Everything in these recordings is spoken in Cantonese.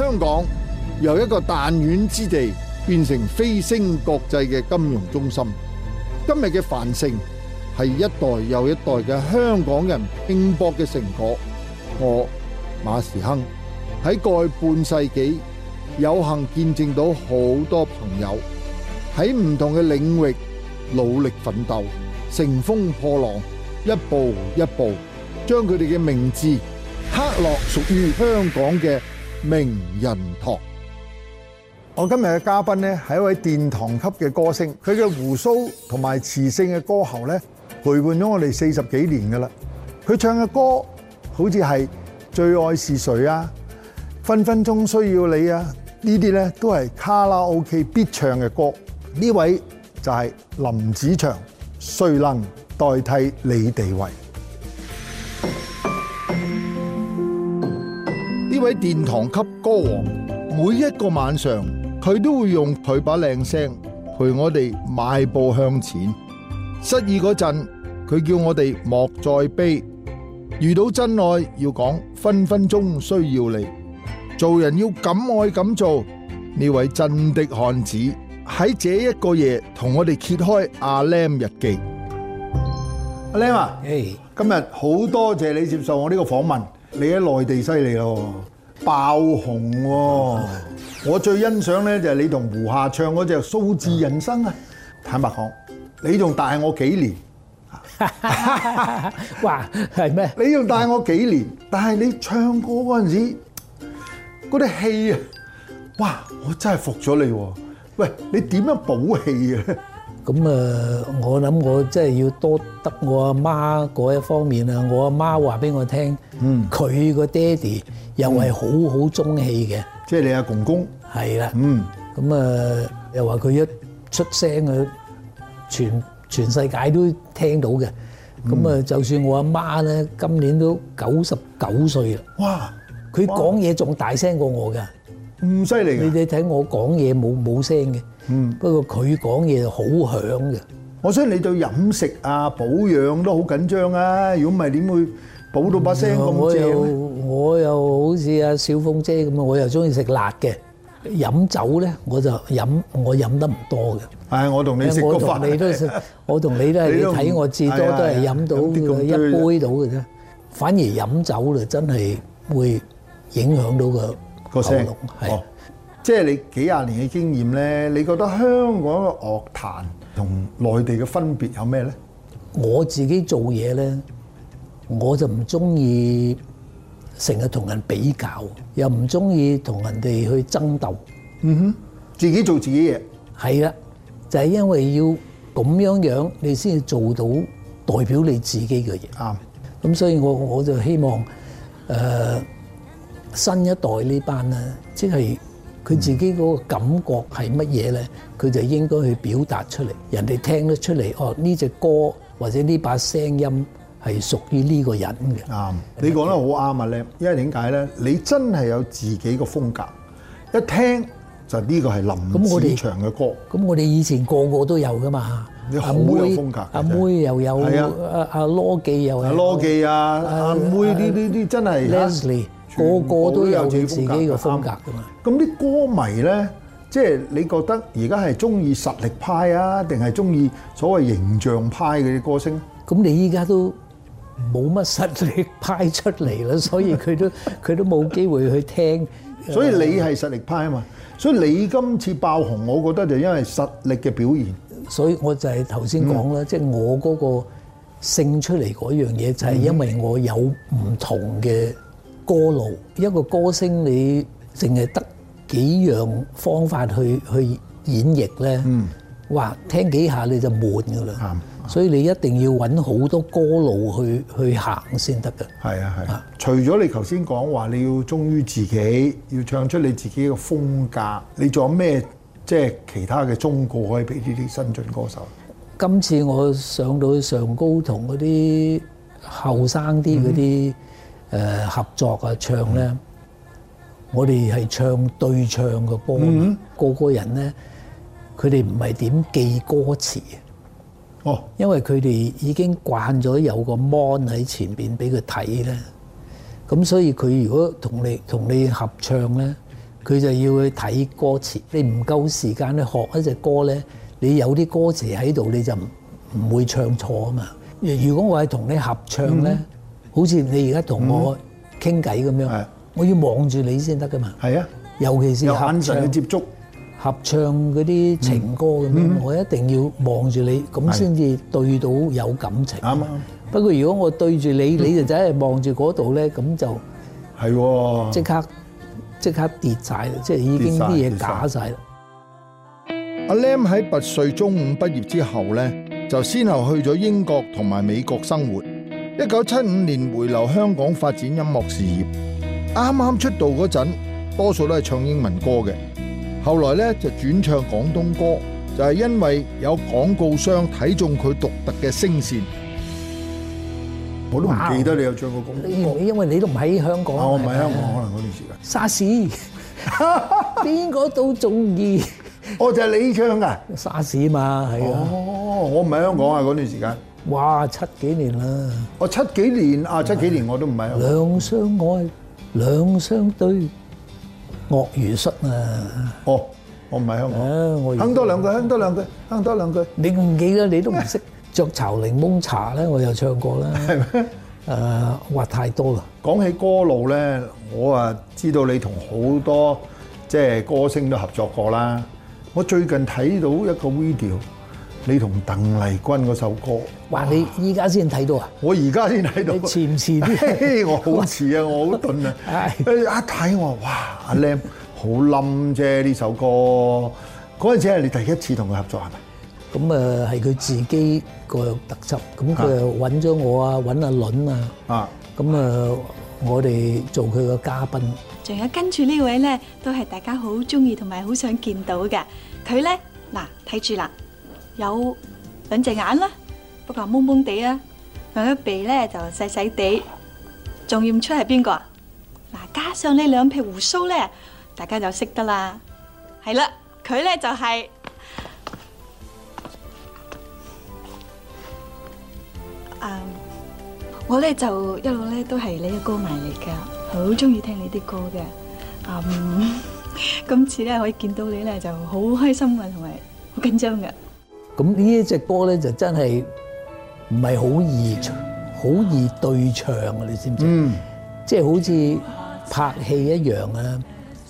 香港由一個彈丸之地變成飛升國際嘅金融中心，今日嘅繁盛，係一代又一代嘅香港人拼搏嘅成果。我馬時亨喺過去半世紀，有幸見證到好多朋友喺唔同嘅領域努力奮鬥，乘風破浪，一步一步將佢哋嘅名字刻落屬於香港嘅名人堂，我今日嘅嘉賓呢，係一位殿堂級嘅歌星，佢嘅鬍鬚同埋磁性嘅歌喉呢，陪伴咗我哋四十幾年噶啦，佢唱嘅歌好似係《最愛是誰》啊，《分分鐘需要你》啊，呢啲呢，都係卡拉 OK 必唱嘅歌。呢位就係林子祥，誰能代替你地位，位殿堂級歌王，每一個晚上佢都會用佢把靚聲陪我哋邁步向前。失意嗰陣，佢叫我哋莫再悲，遇到真愛，要講分分鐘需要你。做人要敢愛敢做。呢位真的漢子喺這一個夜同我哋揭開阿 Lam 日記。阿 Lam 啊，Hey. 今日好多謝你接受我呢個訪問。你喺內地犀利咯，爆紅喎！哦、我最欣賞咧就係你同胡夏唱嗰隻《數字人生》啊！嗯、坦白講，你仲大我幾年， 哇！係咩？你仲大我幾年，但係你唱歌嗰陣時嗰啲氣啊，哇！我真係服咗你喎！喂，你點樣補氣啊？咁啊，我諗我真係要多得我阿媽嗰一方面啊！我阿媽話俾我聽，佢個爹哋又係好好中氣嘅，即係你阿公公係啦。嗯，咁啊，又話佢一出聲，佢全全世界都聽到嘅。咁啊，就算我阿媽咧，今年都九十九歲啦。哇！佢講嘢仲大聲過我㗎，唔犀利！你哋睇我講嘢冇冇聲嘅。嗯，不過佢講嘢好響嘅。我想你對飲食啊、保養都好緊張啊，如果唔係點會保到把聲、嗯、我又我又好似阿小鳳姐咁啊，我又中意食辣嘅。飲酒咧，我就飲我飲得唔多嘅。係我同你食個飯。我同、哎、你，你都，我同你都係睇 不我至多都係飲到、哎、呀一杯到嘅啫。嗯、反而飲酒就真係會影響到個喉嚨。係聲。是哦即係你幾廿年嘅經驗咧，你覺得香港嘅樂壇同內地嘅分別有咩咧？我自己做嘢咧，我就唔中意成日同人比較，又唔中意同人哋去爭鬥。嗯哼，自己做自己嘢。係啦，就係、是、因為要咁樣樣，你先至做到代表你自己嘅嘢。啊對，咁所以我我就希望誒、呃、新一代班呢班咧，即係。佢自己嗰個感覺係乜嘢咧？佢就應該去表達出嚟，人哋聽得出嚟哦！呢隻歌或者呢把聲音係屬於呢個人嘅。啊，你講得好啱啊咧，因為點解咧？你真係有自己個風格，一聽就呢個係林子祥嘅歌。咁我哋以前個個都有噶嘛，阿妹有風格，阿妹又有，阿阿羅記又有，羅記啊，阿妹啲啲啲真係。個個都有自己個風格㗎嘛？咁啲對歌迷咧，即係你覺得而家係中意實力派啊，定係中意所謂形象派嘅歌星？咁你依家都冇乜實力派出嚟啦，所以佢都佢 都冇機會去聽。所以你係實力派啊嘛？ 所以你今次爆紅，我覺得就因為實力嘅表現。所以我就係頭先講啦，即係、嗯、我嗰個勝出嚟嗰樣嘢，就係因為我有唔同嘅、嗯。歌路一個歌星你淨係得幾樣方法去去演繹咧，哇，聽幾下你就悶㗎喇，所以你一定要揾好多歌路去去行先得㗎。係啊係啊。除咗你頭先講話，你要忠於自己，要唱出你自己嘅風格，你仲有咩即係其他嘅忠告可以俾呢啲新晉歌手？今次我上到上高同嗰啲後生啲嗰啲，誒，合作啊唱咧，mm hmm. 我哋係唱對唱嘅歌，個、mm hmm. 個人咧，佢哋唔係點記歌詞哦，oh. 因為佢哋已經慣咗有個 mon 喺前邊俾佢睇咧，咁所以佢如果同你同你合唱咧，佢就要去睇歌詞。你唔夠時間咧學一隻歌咧，你有啲歌詞喺度你就唔會唱錯啊嘛。Mm hmm. 如果我係同你合唱咧。Mm hmm. 好似你而家同我傾偈咁樣，我要望住你先得噶嘛。係啊，尤其是合唱、合唱嗰啲情歌咁樣，我一定要望住你，咁先至對到有感情。啱唔啱？不過如果我對住你，你就真係望住嗰度咧，咁就係即刻即刻跌曬，即係已經啲嘢假曬啦。阿 Lam 喺拔萃中五畢業之後咧，就先後去咗英國同埋美國生活。一九七五年回流香港發展音樂事業，啱啱出道嗰陣，多數都係唱英文歌嘅。後來咧就轉唱廣東歌，就係、是、因為有廣告商睇中佢獨特嘅聲線。哇我都唔記得你有唱過廣東歌。你因為你都唔喺香港。我唔喺香港，可能嗰段時間。沙士，邊個 都中意。哦，就係你唱噶。沙士嘛，係啊。哦、我唔喺香港啊，嗰段時間。哇！七幾年啦！我七幾年啊，七幾年我都唔係。兩相愛，兩相對，鱷魚淚啊！哦，我唔係香港。哼多兩句，哼多兩句，哼多兩句。你唔記得，你都唔識。雀巢檸檬茶咧，我又唱過啦。係咩？誒，話太多啦。講起歌路咧，我啊，知道你同好多即係歌星都合作過啦。我最近睇到一個 video。你同鄧麗君嗰首歌，哇！你依家先睇到啊？我而家先睇到。你似唔似啲？我好似啊，我好頓啊。係，一睇我哇，阿 Lam 好冧啫！呢首歌嗰陣時係你第一次同佢合作係咪？咁啊，係佢自己個特質。咁佢又揾咗我啊，揾阿倫啊。啊。咁啊，我哋做佢個嘉賓。仲有跟住呢位咧，都係大家好中意同埋好想見到嘅。佢咧嗱，睇住啦。有兩隻眼啦，不過蒙蒙地啊，兩隻鼻咧就細細地，仲認唔出係邊個啊？嗱，加上呢兩撇胡鬚咧，大家就識得啦。係啦，佢咧就係啊，我咧就一路咧都係你嘅歌迷嚟噶，好中意聽你啲歌嘅。啊，今次咧可以見到你咧就好開心嘅，同埋好緊張嘅。咁呢一隻歌咧就真係唔係好易唱，好易對唱啊，你知唔知？嗯，即係好似拍戲一樣啊！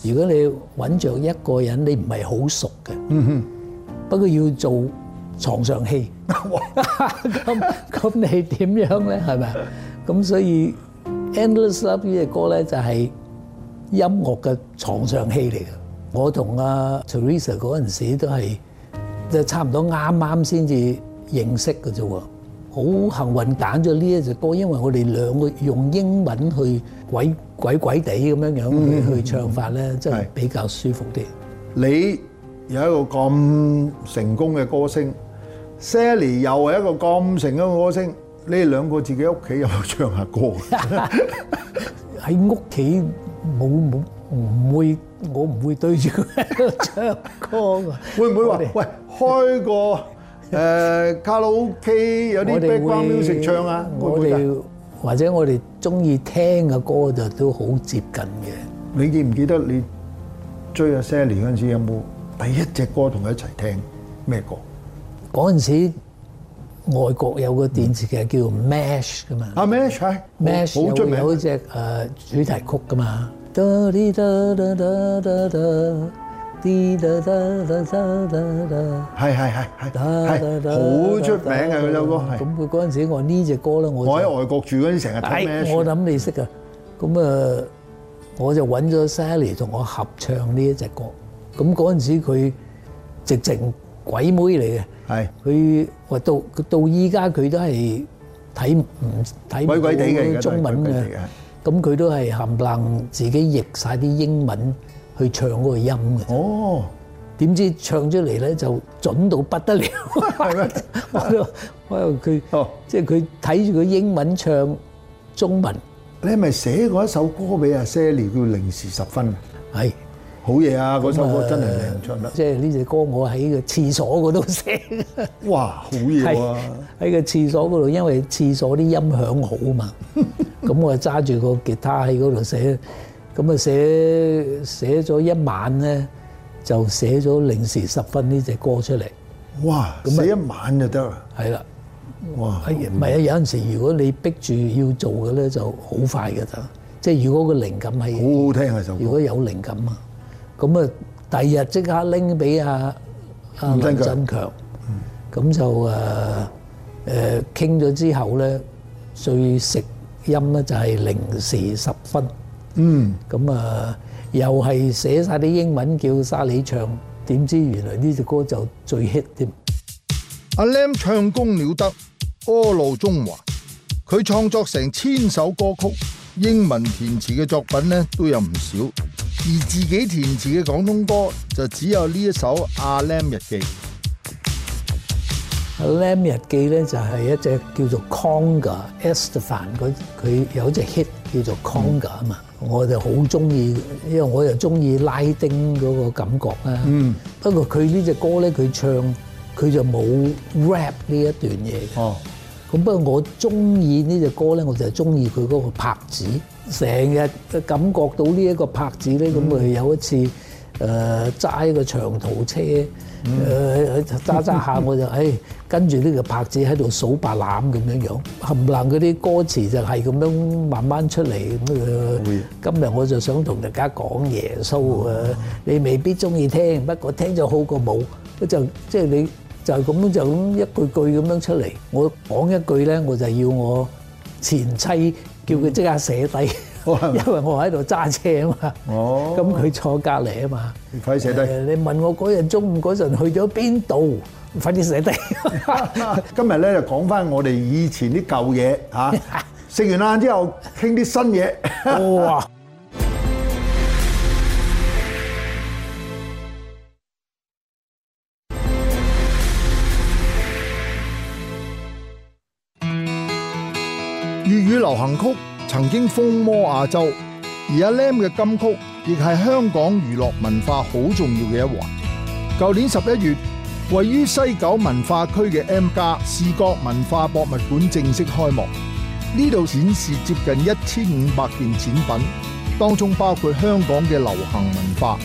如果你揾著一個人你唔係好熟嘅，嗯哼，不過要做床上戲，咁咁你點樣咧？係咪？咁所以《Endless Love》呢隻歌咧就係音樂嘅床上戲嚟嘅。我同阿 Teresa 嗰陣時都係，就差唔多啱啱先至認識嘅啫喎，好幸運揀咗呢一首歌，因為我哋兩個用英文去鬼鬼鬼地咁樣樣去唱法咧，真係比較舒服啲。你有一個咁成功嘅歌星，Sally 又係一個咁成功嘅歌星，你哋兩個自己屋企有冇唱下歌？喺屋企冇冇。唔會，我唔會對住佢唱歌啊！ 會唔會話 喂，開個誒、呃、卡拉 OK 有啲 background music 唱啊？我哋們或者我哋中意聽嘅歌就都好接近嘅。你記唔記得你追阿 Sally 嗰陣時，有冇第一隻歌同佢一齊聽咩歌？嗰陣時，外國有個電視劇叫做、嗯《看 uh, Mash M ash 噶嘛？啊 Mash！Mash 好出名，好有隻誒主題曲噶嘛？係係係係係，好出名嘅嗰首歌。咁佢嗰陣時，我呢隻歌咧，我我喺外國住嗰陣，成日睇咩書？我諗你識噶。咁啊，我就揾咗 Sally 同我合唱呢一隻歌。咁嗰陣時，佢直情鬼妹嚟嘅。係佢話到，到依家佢都係睇唔睇唔到。鬼鬼哋嘅中文嘅。咁佢都係冚唪唥自己譯晒啲英文去唱嗰個音嘅。哦，點知唱出嚟咧就準到不得了，係咪？我又，我又佢，即係佢睇住佢英文唱中文。你係咪寫過一首歌俾阿 Sally 叫《零時十分》啊？係。好嘢啊！嗰首歌真係唱得，即係呢隻歌我喺個廁所嗰度寫。哇，好嘢喎！喺個廁所嗰度，因為廁所啲音響好嘛，咁我就揸住個吉他喺嗰度寫，咁啊寫寫咗一晚咧，就寫咗零時十分呢隻歌出嚟。哇！咁寫一晚就得啊？係啦，哇！係啊，唔係啊，有陣時如果你逼住要做嘅咧，就好快嘅就，即係如果個靈感係好好聽啊首歌，如果有靈感啊！咁啊，第二日即刻拎俾阿阿林振強，咁就誒誒傾咗之後咧，最食音咧就係零時十分，嗯，咁啊又係寫曬啲英文叫沙裏唱，點知原來呢隻歌就最 hit 添。阿 Lam 唱功了得，歌路中華，佢創作成千首歌曲，英文填詞嘅作品咧都有唔少。而自己填詞嘅廣東歌就只有呢一首《阿 Lam 日記》。《阿 Lam 日記》咧就係一隻叫做 Conga、嗯、Estefan 佢佢有一隻 hit 叫做 Conga 啊嘛、嗯，我就好中意，因為我又中意拉丁嗰個感覺啦。嗯。不過佢呢隻歌咧，佢唱佢就冇 rap 呢一段嘢。哦。咁不過我中意呢隻歌咧，我就係中意佢嗰個拍子。成日感覺到呢一個拍子咧，咁啊有一次，誒揸一個長途車，誒揸揸下我就誒跟住呢個拍子喺度數白欖咁樣樣，冚唪唥嗰啲歌詞就係咁樣慢慢出嚟。今日我就想同大家講耶穌啊，你未必中意聽，不過聽咗好過冇。就即係你就係咁樣就咁一句句咁樣出嚟。我講一句咧，我就要我前妻。叫佢即刻寫低，因為我喺度揸車啊嘛。咁佢坐隔離啊嘛。快啲寫低。你問我嗰日中午嗰陣去咗邊度？快啲寫低。今日咧就講翻我哋以前啲舊嘢嚇，食完晏之後傾啲新嘢。粵語流行曲曾經風靡亞洲，而阿 Lam 嘅金曲亦係香港娛樂文化好重要嘅一環。舊年十一月，位於西九文化區嘅 M+ 視覺文化博物館正式開幕。呢度展示接近一千五百件展品，當中包括香港嘅流行文化。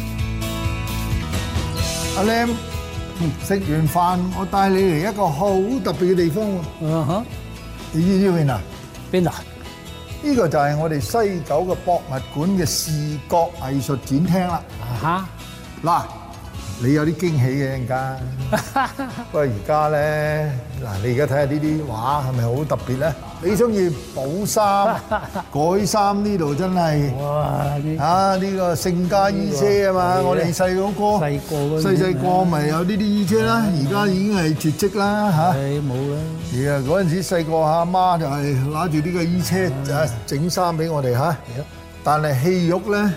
阿 Lam 食完飯，我帶你嚟一個好特別嘅地方。嗯哼、uh，huh. 邊度？呢個就係我哋西九嘅博物館嘅視覺藝術展廳啦。啊哈，嗱。你有啲驚喜嘅，而家不過而家咧，嗱你而家睇下呢啲畫係咪好特別咧？你中意補衫、改衫呢度真係哇！啊呢個勝家衣車啊嘛，我哋細佬哥細細個咪有呢啲衣車啦，而家已經係絕跡啦嚇，係冇啦。而啊嗰陣時細個嚇，阿媽就係攞住呢個衣車啊整衫俾我哋嚇，但係戲肉咧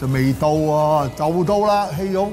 就未到喎，就到啦戲肉。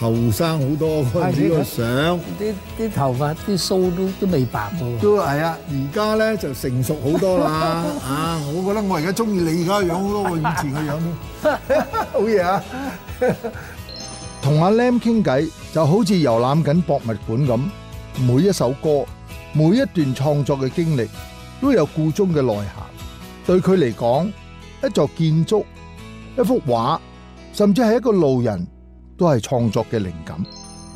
後生好多，呢個相啲啲頭髮啲須都都未白喎，都係啊！而家咧就成熟好多啦啊！我覺得我而家中意你而家嘅樣好多過以前嘅樣咯，好嘢啊！同阿 Lam 傾偈就好似遊覽緊博物館咁，每一首歌每一段創作嘅經歷都有故中嘅內涵。對佢嚟講，一座建築一幅畫，甚至係一個路人。都係創作嘅靈感。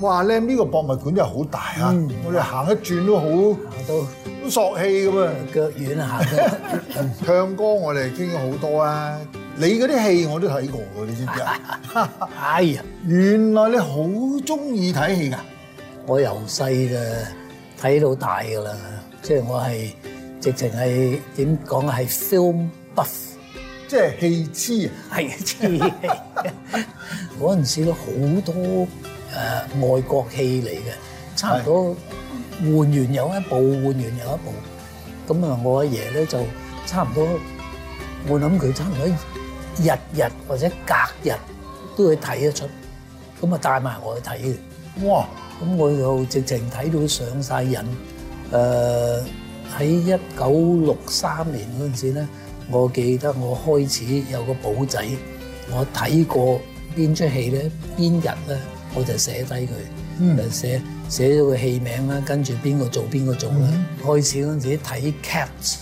哇！咧、這、呢個博物館真係好大啊！嗯、我哋行一轉都好，行到都索氣咁啊！腳軟啊！ 唱歌我哋傾咗好多啊！你嗰啲戲我都睇過嘅，你知唔知啊？ 哎呀！ 原來你好中意睇戲㗎？我由細嘅睇到大㗎啦，即係我係直情係點講係 film 即係戲痴，係痴戲。嗰陣時咧，好多誒外國戲嚟嘅，差唔多換完有一部，換完有一部。咁啊，我阿爺咧就差唔多，我諗佢差唔多日日或者隔日都會睇一出。咁啊，帶埋我去睇嘅。哇！咁我就直情睇到上晒癮。誒喺一九六三年嗰陣時咧。我記得我開始有個簿仔，我睇過邊出戲咧，邊日咧，我就寫低佢，嗯、就寫寫咗個戲名啦，跟住邊個做邊個做啦。嗯、開始嗰陣時睇 Cats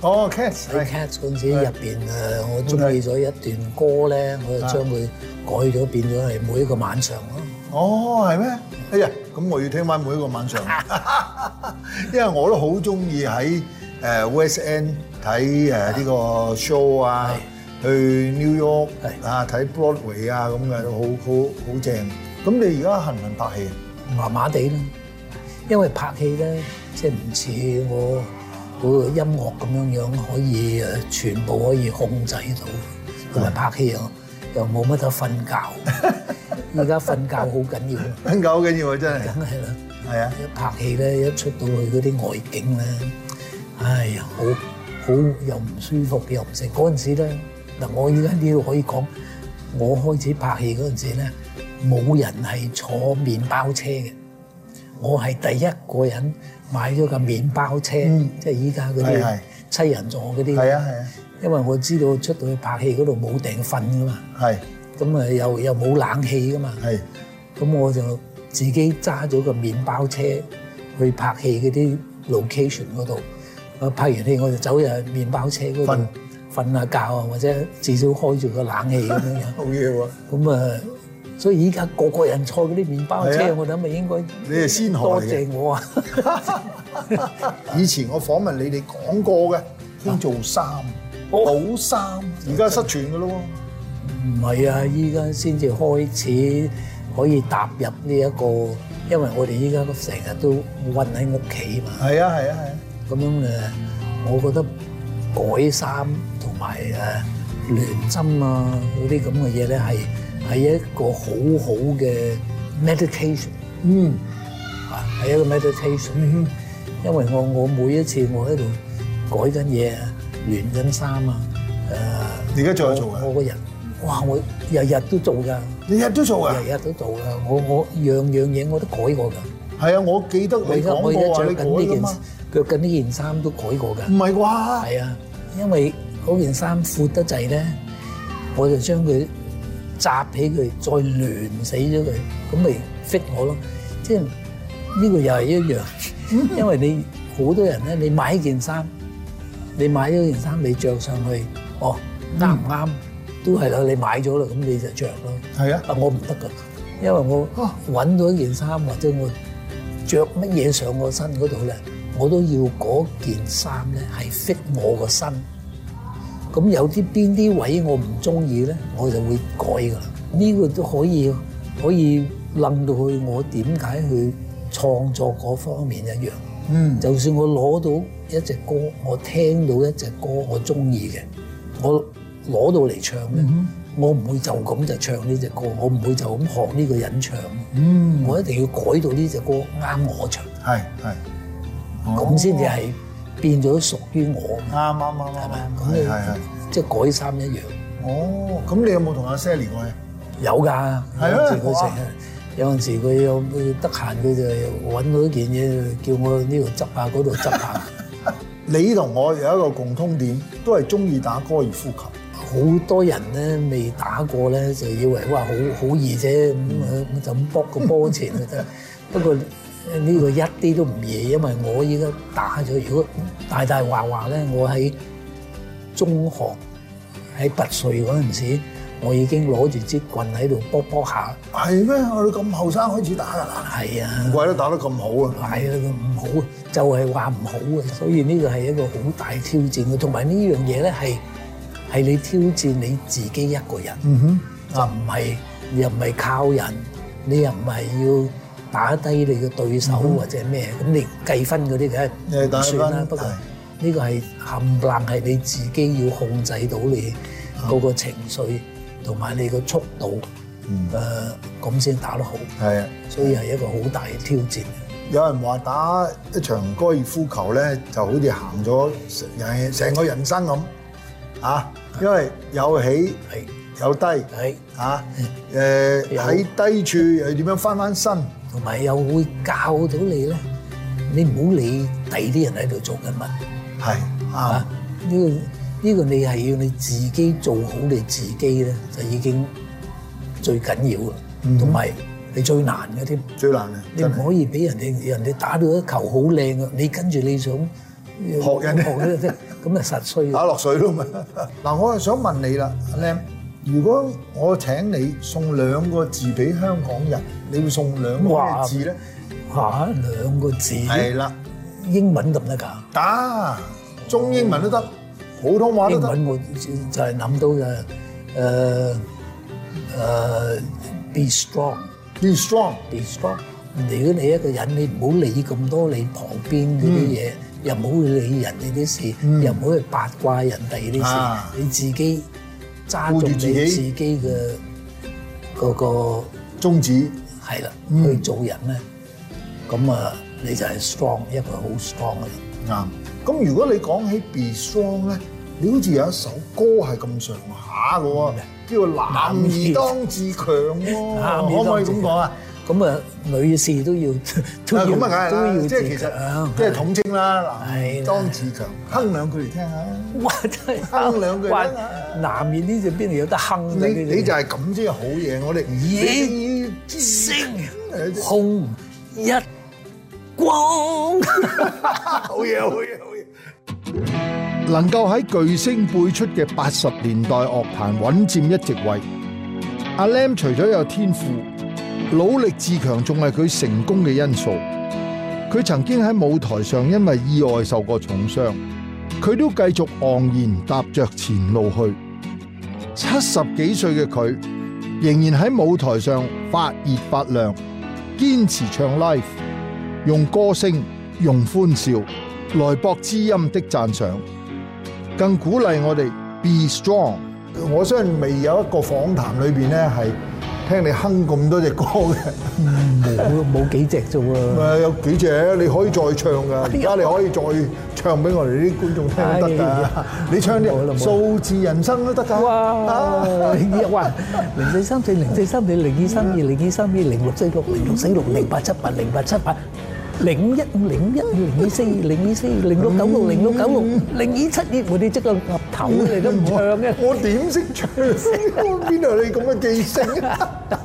哦 cats 喺 cats 嗰陣時入邊誒，的我中意咗一段歌咧，的我就將佢改咗，變咗係每一個晚上咯。哦，係咩？哎呀，咁我要聽翻每一個晚上，因為我都好中意喺誒 West End。睇誒呢個 show 啊，的去 New York 啊睇的 Broadway 啊咁嘅都好好好正。咁你而家行唔行拍戲？麻麻地咯，因為拍戲咧，即係唔似我嗰個音樂咁樣樣可以誒全部可以控制到，同埋拍戲啊，的又冇乜得瞓覺。而家瞓覺好緊要，瞓 覺好緊要啊真係。梗係啦，係啊的！拍戲咧，一出到去嗰啲外景咧，哎呀好～好又唔舒服，又唔食。嗰陣時咧，嗱我依家呢度可以講，我開始拍戲嗰陣時咧，冇人係坐麪包車嘅。我係第一個人買咗個麪包車，嗯、即係依家嗰啲七人座嗰啲。係啊係啊，啊因為我知道出到去拍戲嗰度冇埞瞓噶嘛。係是，咁啊又又冇冷氣噶嘛。係是，咁我就自己揸咗個麪包車去拍戲嗰啲 location 嗰度。拍完戲我就走入麪包車嗰度瞓下覺啊，或者至少開住個冷氣咁樣樣。 好嘢咁啊，所以而家個個人坐嗰啲麪包車，啊、我諗咪應該你係先學多謝我啊！ 以前我訪問你哋講過嘅，先做衫，啊、三好衫，而家失傳㗎咯。唔係啊，依家先至開始可以踏入呢、這、一個，因為我哋依家成日都温喺屋企嘛。係啊，係啊，係、啊。咁樣誒，我覺得改衫同埋誒亂針啊嗰啲咁嘅嘢咧，係係一個好好嘅 meditation，嗯，係一個 meditation、嗯。因為我我每一次我喺度改緊嘢啊，亂緊衫啊，誒我，而家仲喺做啊的！我個人，哇！我日日都做㗎，你日日都做啊？日日都做㗎，我我樣樣嘢我都改過㗎。係啊！我記得你講過話你改咗嘛？著緊呢件衫都改過㗎，唔係啩？係啊，因為嗰件衫闊得滯咧，我就將佢紮起佢，再攣死咗佢，咁咪 fit 我咯。即係呢個又係一樣，因為你好多人咧，你買一件衫，你買咗件衫你著上去，哦，啱唔啱？都係啦，你買咗啦，咁你就著咯。係啊，啊我唔得㗎，因為我揾到一件衫或者我著乜嘢上我身嗰度咧。我都要嗰件衫咧，係 fit 我個身，咁有啲邊啲位我唔中意咧，我就會改噶啦。呢個都可以可以諗到去我點解去創作嗰方面一樣。嗯，就算我攞到一隻歌，我聽到一隻歌我中意嘅，我攞到嚟唱咧，我唔會就咁就唱呢隻歌，我唔會就咁學呢個人唱。嗯，我一定要改到呢隻歌啱我唱。係係。咁先至係變咗屬於我，啱啱啱啱，係係係，即、嗯、係改衫一樣。哦，咁你有冇同阿 Sally 講？有㗎，有陣時佢成日，的有陣時佢有得閒，佢哇就揾到一件嘢，叫我呢度執下，嗰度執下。 你同我有一個共通點，都係中意打高爾夫球。好多人咧未打過咧，就以為哇好好易啫，咁、 嗯、就咁搏個波錢啦，真係。不過 呢個一啲都唔易，因為我依家打咗，如果大大話話咧，我喺中學喺拔萃嗰陣時，我已經攞住支棍喺度卜卜下。係咩？我哋咁後生開始打啦。係啊，唔怪得打得咁好啊？係啦，唔好啊，就係話唔好啊。所以呢個係一個好大挑戰嘅，同埋呢樣嘢咧係係你挑戰你自己一個人。嗯哼，啊唔係，又唔係靠人，你又唔係要。打低你嘅對手或者咩咁，mm hmm、你計分嗰啲梗係唔算啦。不過呢是個係冚唪唥係你自己要控制到你嗰個情緒同埋你個速度，誒咁先打得好。係啊的，所以係一個好大嘅挑戰。有人話打一場高爾夫球咧，就好似行咗人成個人生咁啊，因為有起有低啊，誒喺的、呃、低處又點樣翻翻身？同埋又會教到你咧，你唔好理第啲人喺度做緊乜，係啊？呢個呢個你係要你自己做好你自己咧，就已經最緊要啊！同埋、嗯、你最難嘅添，最難啊！你唔可以俾人哋人哋打到一球好靚啊！你跟住你想學人想學咧，咁啊實衰打落水咯嘛！嗱， 我係想問你啦，阿靚是。如果我請你送兩個字俾香港人，你要送兩個字咧？嚇兩、啊、個字？係啦了，英文得唔得㗎？得、啊，中英文都得，哦、普通話都得。英文我就係諗到嘅，誒、呃、誒、呃、，be strong，be strong，be strong。如果你一個人，你唔好理咁多你旁邊嗰啲嘢，嗯、又唔好去理人哋啲事，嗯、又唔好去八卦人哋啲事，啊、你自己。揸住自己自己嘅嗰個宗旨，係啦咁，嗯、去做人咧，咁啊你就係 strong 一個好 strong 嘅人，啱。咁如果你講起 be strong 咧，你好似有一首歌係咁上下嘅喎，的叫做《男兒當自強》喎，可唔 可以咁講啊？ 咁啊，女士都要都要都要自強，即係統稱啦。男當自強，哼兩句嚟聽下。哇，真係，哼兩句啦。男兒呢隻邊度有得哼？你你就係咁先係好嘢。我哋咦聲紅一光，好嘢好嘢好嘢！能夠喺巨星輩出嘅八十年代樂壇穩佔一席位，阿 Lam 除咗有天賦。努力自強仲係佢成功嘅因素。佢曾經喺舞台上因為意外受過重傷，佢都繼續昂然踏着前路去。七十幾歲嘅佢仍然喺舞台上發熱發亮，堅持唱 live，用歌聲、用歡笑來博知音的讚賞，更鼓勵我哋 be strong。我相信未有一個訪談裏邊呢係。聽你哼咁多隻歌嘅，嗯，冇冇幾隻啫喎！有幾隻？你可以再唱㗎，而家你可以再唱俾我哋啲觀眾聽得㗎。你唱啲數字人生都得㗎。哇！零二一，零四三，四零四三，四零二三，二零二三，二零六四六，零六四六，零八七八，零八七八。零一五零一零二四零二四零六九六零六九六零二七二。我哋即刻合頭你都唔唱嘅。我點識唱啊？邊度有你咁嘅記性啊？